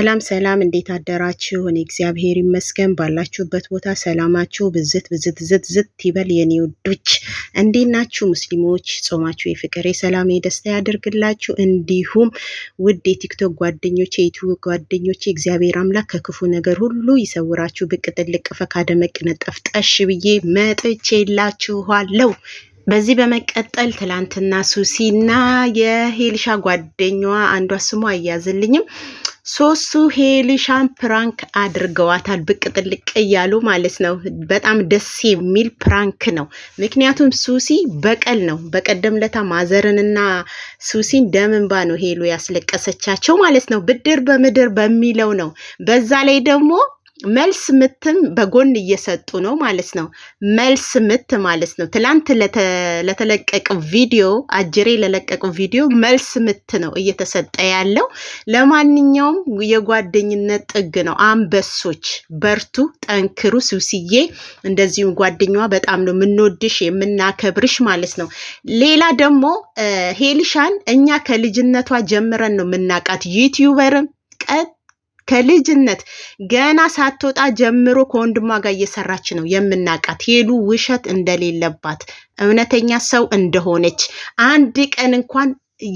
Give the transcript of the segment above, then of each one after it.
ሰላም ሰላም፣ እንዴት አደራችሁ? እኔ እግዚአብሔር ይመስገን። ባላችሁበት ቦታ ሰላማችሁ ብዝት ብዝት ዝት ዝት ይበል። የኔ ውዶች እንዴት ናችሁ? ሙስሊሞች ጾማችሁ የፍቅር የሰላም የደስታ ያደርግላችሁ። እንዲሁም ውድ የቲክቶክ ጓደኞቼ፣ የዩቱብ ጓደኞቼ እግዚአብሔር አምላክ ከክፉ ነገር ሁሉ ይሰውራችሁ። ብቅ ጥልቅ ፈካ ደመቅ ነጠፍ ጠሽ ብዬ መጥቼላችኋለሁ። በዚህ በመቀጠል ትላንትና ሱሲና የሄልሻ ጓደኛዋ አንዷ ስሟ አያዝልኝም ሶሱ ሄሊ ሻምፕራንክ አድርገዋታል። ብቅ ጥልቅ እያሉ ማለት ነው። በጣም ደስ የሚል ፕራንክ ነው። ምክንያቱም ሱሲ በቀል ነው። በቀደም ለታ ማዘርንና ሱሲን ደምንባ ነው ሄሉ ያስለቀሰቻቸው ማለት ነው። ብድር በምድር በሚለው ነው። በዛ ላይ ደግሞ መልስ ምትም በጎን እየሰጡ ነው ማለት ነው። መልስ ምት ማለት ነው። ትላንት ለተለቀቀው ቪዲዮ አጅሬ ለለቀቀው ቪዲዮ መልስ ምት ነው እየተሰጠ ያለው። ለማንኛውም የጓደኝነት ጥግ ነው። አንበሶች በርቱ፣ ጠንክሩ። ሱስዬ እንደዚሁም ጓደኛዋ በጣም ነው የምንወድሽ የምናከብርሽ ማለት ነው። ሌላ ደግሞ ሄልሻን እኛ ከልጅነቷ ጀምረን ነው የምናውቃት ዩቲዩበርም ቀጥ ከልጅነት ገና ሳትወጣ ጀምሮ ከወንድሟ ጋር እየሰራች ነው የምናውቃት ሄሉ ውሸት እንደሌለባት እውነተኛ ሰው እንደሆነች አንድ ቀን እንኳን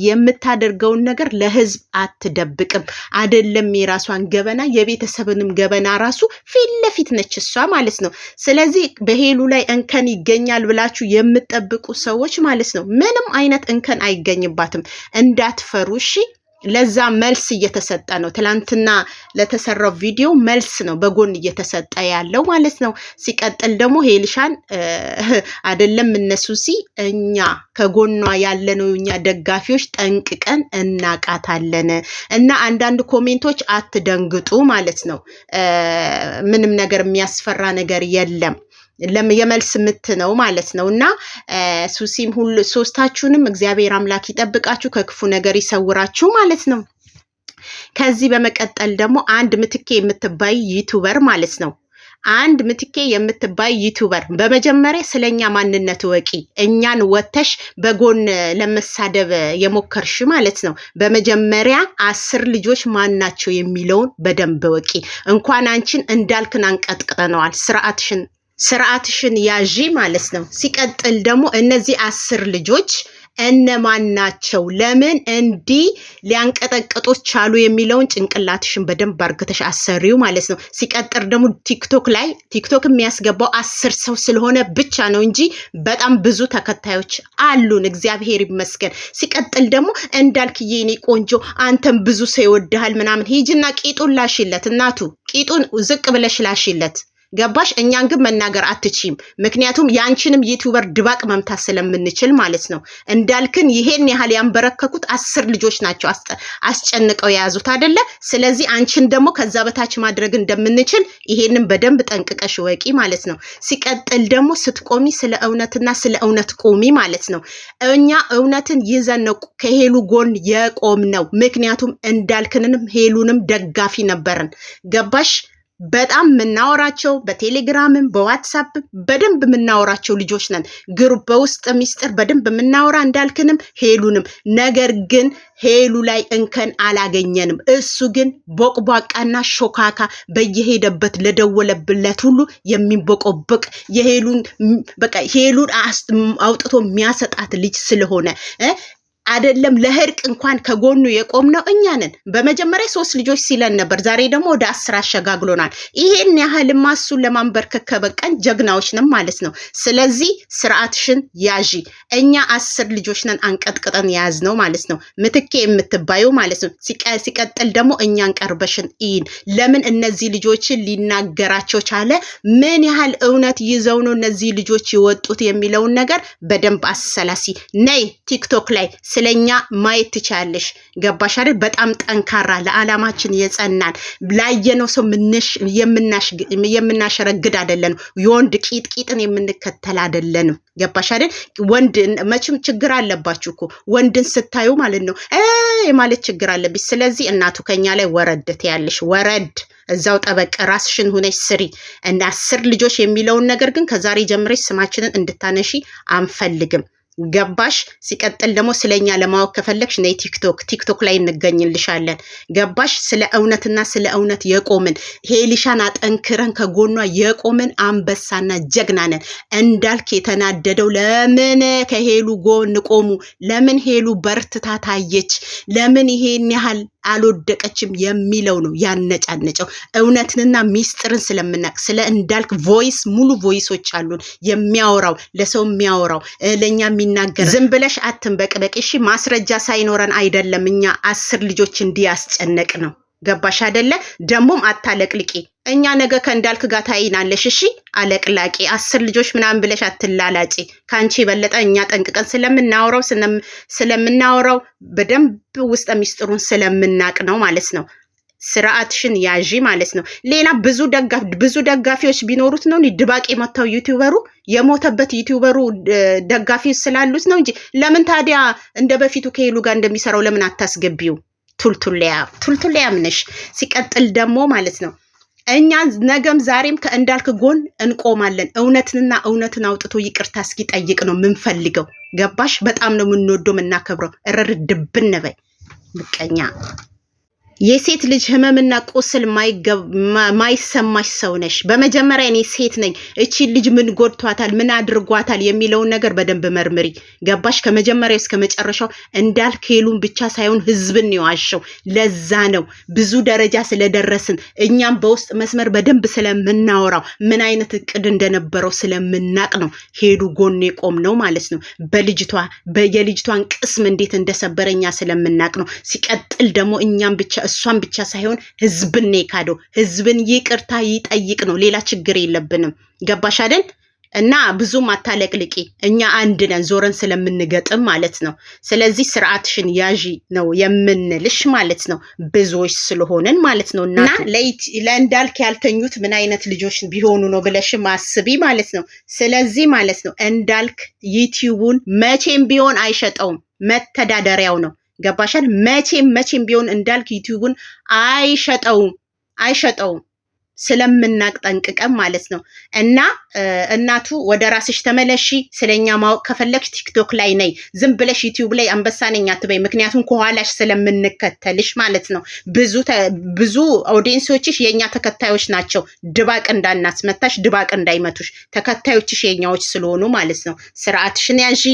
የምታደርገውን ነገር ለህዝብ አትደብቅም። አደለም የራሷን ገበና የቤተሰብንም ገበና ራሱ ፊት ለፊት ነች እሷ ማለት ነው። ስለዚህ በሄሉ ላይ እንከን ይገኛል ብላችሁ የምትጠብቁ ሰዎች ማለት ነው ምንም አይነት እንከን አይገኝባትም። እንዳትፈሩ እሺ። ለዛ መልስ እየተሰጠ ነው። ትላንትና ለተሰራው ቪዲዮ መልስ ነው በጎን እየተሰጠ ያለው ማለት ነው። ሲቀጥል ደግሞ ሄልሻን አይደለም እነሱ ሲ እኛ ከጎኗ ያለነው እኛ ደጋፊዎች ጠንቅቀን እናቃታለን። እና አንዳንድ ኮሜንቶች አትደንግጡ ማለት ነው። ምንም ነገር የሚያስፈራ ነገር የለም። የመልስ ምት ነው ማለት ነው። እና ሱሲም ሁሉ ሶስታችሁንም እግዚአብሔር አምላክ ይጠብቃችሁ፣ ከክፉ ነገር ይሰውራችሁ ማለት ነው። ከዚህ በመቀጠል ደግሞ አንድ ምትኬ የምትባይ ዩቱበር ማለት ነው አንድ ምትኬ የምትባይ ዩቱበር በመጀመሪያ ስለኛ ማንነት ወቂ እኛን ወተሽ በጎን ለመሳደብ የሞከርሽ ማለት ነው። በመጀመሪያ አስር ልጆች ማናቸው የሚለውን በደንብ ወቂ። እንኳን አንቺን እንዳልክን አንቀጥቅጠነዋል። ስርዓትሽን ስርዓትሽን ያዢ ማለት ነው። ሲቀጥል ደግሞ እነዚህ አስር ልጆች እነማን ናቸው? ለምን እንዲህ ሊያንቀጠቀጦ ቻሉ? የሚለውን ጭንቅላትሽን በደንብ አርግተሽ አሰሪው ማለት ነው። ሲቀጥር ደግሞ ቲክቶክ ላይ ቲክቶክ የሚያስገባው አስር ሰው ስለሆነ ብቻ ነው እንጂ በጣም ብዙ ተከታዮች አሉን፣ እግዚአብሔር ይመስገን። ሲቀጥል ደግሞ እንዳልክዬ፣ እኔ ቆንጆ አንተም ብዙ ሰው ይወድሃል ምናምን፣ ሂጅና ቂጡን ላሽለት እናቱ፣ ቂጡን ዝቅ ብለሽ ላሽለት ገባሽ? እኛን ግን መናገር አትችም፣ ምክንያቱም ያንቺንም ዩቱበር ድባቅ መምታት ስለምንችል ማለት ነው። እንዳልክን ይሄን ያህል ያንበረከኩት አስር ልጆች ናቸው አስጨንቀው የያዙት አይደለ? ስለዚህ አንቺን ደግሞ ከዛ በታች ማድረግ እንደምንችል ይሄንን በደንብ ጠንቅቀሽ ወቂ ማለት ነው። ሲቀጥል ደግሞ ስትቆሚ ስለ እውነትና ስለ እውነት ቆሚ ማለት ነው። እኛ እውነትን ይዘን ነው ከሄሉ ጎን የቆም ነው። ምክንያቱም እንዳልክንንም ሄሉንም ደጋፊ ነበርን። ገባሽ? በጣም የምናወራቸው በቴሌግራምም በዋትሳፕም በደንብ የምናወራቸው ልጆች ነን። ግሩፕ በውስጥ ሚስጥር በደንብ የምናወራ እንዳልክንም ሄሉንም። ነገር ግን ሄሉ ላይ እንከን አላገኘንም። እሱ ግን ቦቅቧቃና ሾካካ በየሄደበት ለደወለብለት ሁሉ የሚንቦቆብቅ የሄሉን በቃ ሄሉን አውጥቶ የሚያሰጣት ልጅ ስለሆነ አይደለም ለህርቅ እንኳን ከጎኑ የቆም ነው እኛ ነን። በመጀመሪያ ሶስት ልጆች ሲለን ነበር። ዛሬ ደግሞ ወደ አስር አሸጋግሎናል። ይሄን ያህል እሱን ለማንበርከክ ከበቀን ጀግናዎች ነን ማለት ነው። ስለዚህ ስርዓትሽን ያዢ። እኛ አስር ልጆች ነን አንቀጥቅጠን የያዝ ነው ማለት ነው። ምትኬ የምትባዩ ማለት ነው። ሲቀጥል ደግሞ እኛን ቀርበሽን ይን ለምን እነዚህ ልጆችን ሊናገራቸው ቻለ? ምን ያህል እውነት ይዘው ነው እነዚህ ልጆች የወጡት የሚለውን ነገር በደንብ አሰላሲ። ነይ ቲክቶክ ላይ ስለኛ ማየት ትቻለሽ። ገባሽ አይደል? በጣም ጠንካራ ለዓላማችን የጸናን ላየነው ሰው የምናሸረግድ አይደለንም። የወንድ ቂጥቂጥን የምንከተል አይደለንም። ገባሽ አይደል? ወንድ መቼም ችግር አለባችሁ እኮ ወንድን ስታዩ ማለት ነው ማለት ችግር አለብኝ። ስለዚህ እናቱ ከኛ ላይ ወረድ ያለሽ ወረድ እዛው ጠበቅ ራስሽን ሁነሽ ስሪ እና አስር ልጆች የሚለውን ነገር ግን ከዛሬ ጀምረሽ ስማችንን እንድታነሺ አንፈልግም። ገባሽ? ሲቀጥል ደግሞ ስለኛ ለማወቅ ከፈለግሽ ነይ ቲክቶክ፣ ቲክቶክ ላይ እንገኝልሻለን። ገባሽ? ስለ እውነትና ስለ እውነት የቆምን ሄሊሻን አጠንክረን ከጎኗ የቆምን አንበሳና ጀግና ነን። እንዳልክ የተናደደው ለምን ከሄሉ ጎን ቆሙ? ለምን ሄሉ በርትታ ታየች? ለምን ይሄን ያህል አልወደቀችም የሚለው ነው ያነጫነጨው። እውነትንና ሚስጥርን ስለምናቅ ስለ እንዳልክ ቮይስ ሙሉ ቮይሶች አሉን። የሚያወራው ለሰው የሚያወራው ለእኛ የሚናገር ዝም ብለሽ አትንበቅበቅ። እሺ ማስረጃ ሳይኖረን አይደለም እኛ አስር ልጆች እንዲያስጨነቅ ነው። ገባሽ አደለ? ደሞም አታለቅልቂ። እኛ ነገ ከእንዳልክ ጋር ታይናለሽ። እሺ አለቅላቂ፣ አስር ልጆች ምናምን ብለሽ አትላላጪ። ከአንቺ የበለጠ እኛ ጠንቅቀን ስለምናወራው ስለምናወራው በደንብ ውስጥ ሚስጥሩን ስለምናቅ ነው ማለት ነው። ስርዓትሽን ያዢ ማለት ነው። ሌላ ብዙ ብዙ ደጋፊዎች ቢኖሩት ነው ድባቅ የመታው ዩቲዩበሩ የሞተበት ዩቲዩበሩ ደጋፊዎች ስላሉት ነው እንጂ ለምን ታዲያ እንደ በፊቱ ከሄሉ ጋር እንደሚሰራው ለምን አታስገቢው? ቱልቱሊያ ቱልቱሊያ ምንሽ ሲቀጥል ደግሞ ማለት ነው እኛ ነገም ዛሬም ከእንዳልክ ጎን እንቆማለን። እውነትንና እውነትን አውጥቶ ይቅርታ እስኪጠይቅ ነው የምንፈልገው። ገባሽ? በጣም ነው የምንወደው የምናከብረው። እረር ድብን በይ ምቀኛ የሴት ልጅ ህመምና ቁስል ማይሰማሽ ሰው ነሽ። በመጀመሪያ እኔ ሴት ነኝ፣ እቺን ልጅ ምን ጎድቷታል፣ ምን አድርጓታል የሚለውን ነገር በደንብ መርምሪ። ገባሽ? ከመጀመሪያው እስከ መጨረሻው እንዳልክ ሄሉን ብቻ ሳይሆን ህዝብን የዋሸው ለዛ ነው ብዙ ደረጃ ስለደረስን እኛም በውስጥ መስመር በደንብ ስለምናወራው ምን አይነት እቅድ እንደነበረው ስለምናቅ ነው ሄዱ ጎን የቆም ነው ማለት ነው። በልጅቷ የልጅቷን ቅስም እንዴት እንደሰበረ እኛ ስለምናቅ ነው። ሲቀጥል ደግሞ እኛም ብቻ እሷን ብቻ ሳይሆን ህዝብን ነው የካደው። ህዝብን ይቅርታ ይጠይቅ ነው፣ ሌላ ችግር የለብንም። ገባሽ አይደል? እና ብዙም አታለቅልቂ። እኛ አንድ ነን ዞረን ስለምንገጥም ማለት ነው። ስለዚህ ስርዓትሽን ያዢ ነው የምንልሽ ማለት ነው፣ ብዙዎች ስለሆንን ማለት ነው። እና ለእንዳልክ ያልተኙት ምን አይነት ልጆች ቢሆኑ ነው ብለሽ ማስቢ ማለት ነው። ስለዚህ ማለት ነው እንዳልክ ዩቲዩቡን መቼም ቢሆን አይሸጠውም፣ መተዳደሪያው ነው። ገባሻል? መቼም መቼም ቢሆን እንዳልክ ዩቲዩቡን አይሸጠውም አይሸጠውም ስለምናቅ ጠንቅቀን ማለት ነው። እና እናቱ ወደ ራስሽ ተመለሺ። ስለኛ ማወቅ ከፈለግሽ ቲክቶክ ላይ ነይ። ዝም ብለሽ ዩቲዩብ ላይ አንበሳ ነኝ አትበይ። ምክንያቱም ከኋላሽ ስለምንከተልሽ ማለት ነው። ብዙ ብዙ ኦዲየንሶችሽ የእኛ ተከታዮች ናቸው። ድባቅ እንዳናስመታሽ፣ ድባቅ እንዳይመቱሽ። ተከታዮችሽ የኛዎች ስለሆኑ ማለት ነው። ስርዓትሽን ያዥ፣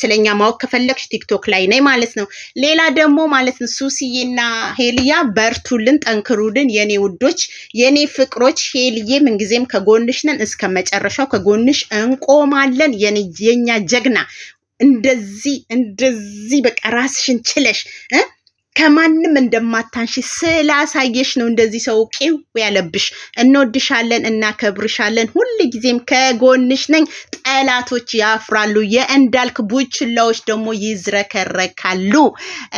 ስለኛ ማወቅ ከፈለግሽ ቲክቶክ ላይ ነይ ማለት ነው። ሌላ ደግሞ ማለት ነው ሱስዬና ሄልያ በርቱልን፣ ጠንክሩልን የኔ ውዶች፣ የኔ ፍቅሮች። ሄልዬ ምንጊዜም ከጎንሽ ነን፣ እስከ መጨረሻው ከጎንሽ እንቆማለን። የኛ ጀግና እንደዚህ እንደዚህ በቃ ራስሽን ችለሽ ከማንም እንደማታንሽ ስላሳየሽ ነው እንደዚህ ሰው ቂው ያለብሽ። እንወድሻለን፣ እናከብርሻለን። ሁል ጊዜም ከጎንሽ ነኝ። ጠላቶች ያፍራሉ፣ የእንዳልክ ቡችላዎች ደግሞ ይዝረከረካሉ።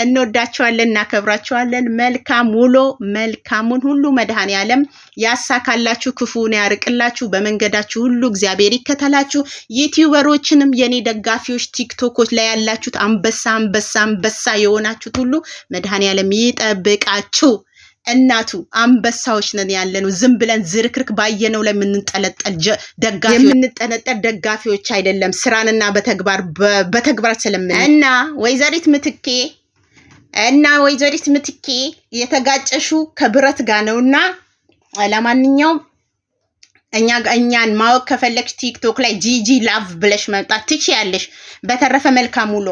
እንወዳቸዋለን፣ እናከብራቸዋለን። መልካም ውሎ፣ መልካሙን ሁሉ መድኃኔ ዓለም ያሳካላችሁ፣ ክፉን ያርቅላችሁ፣ በመንገዳችሁ ሁሉ እግዚአብሔር ይከተላችሁ። ዩቲዩበሮችንም የኔ ደጋፊዎች ቲክቶኮች ላይ ያላችሁት አንበሳ አንበሳ አንበሳ የሆናችሁት ሁሉ መድኃኔ ዓለም ይጠብቃችሁ። እናቱ አንበሳዎች ነን ያለ ነው። ዝም ብለን ዝርክርክ ባየነው ላይ የምንጠለጠል የምንጠለጠል ደጋፊዎች አይደለም። ስራንና በተግባር በተግባር ስለምን እና ወይዘሪት ምትኬ እና ወይዘሪት ምትኬ የተጋጨሹ ከብረት ጋር ነውና ለማንኛውም እኛ እኛን ማወቅ ከፈለግሽ ቲክቶክ ላይ ጂጂ ላቭ ብለሽ መምጣት ትችያለሽ። በተረፈ መልካም ውሎ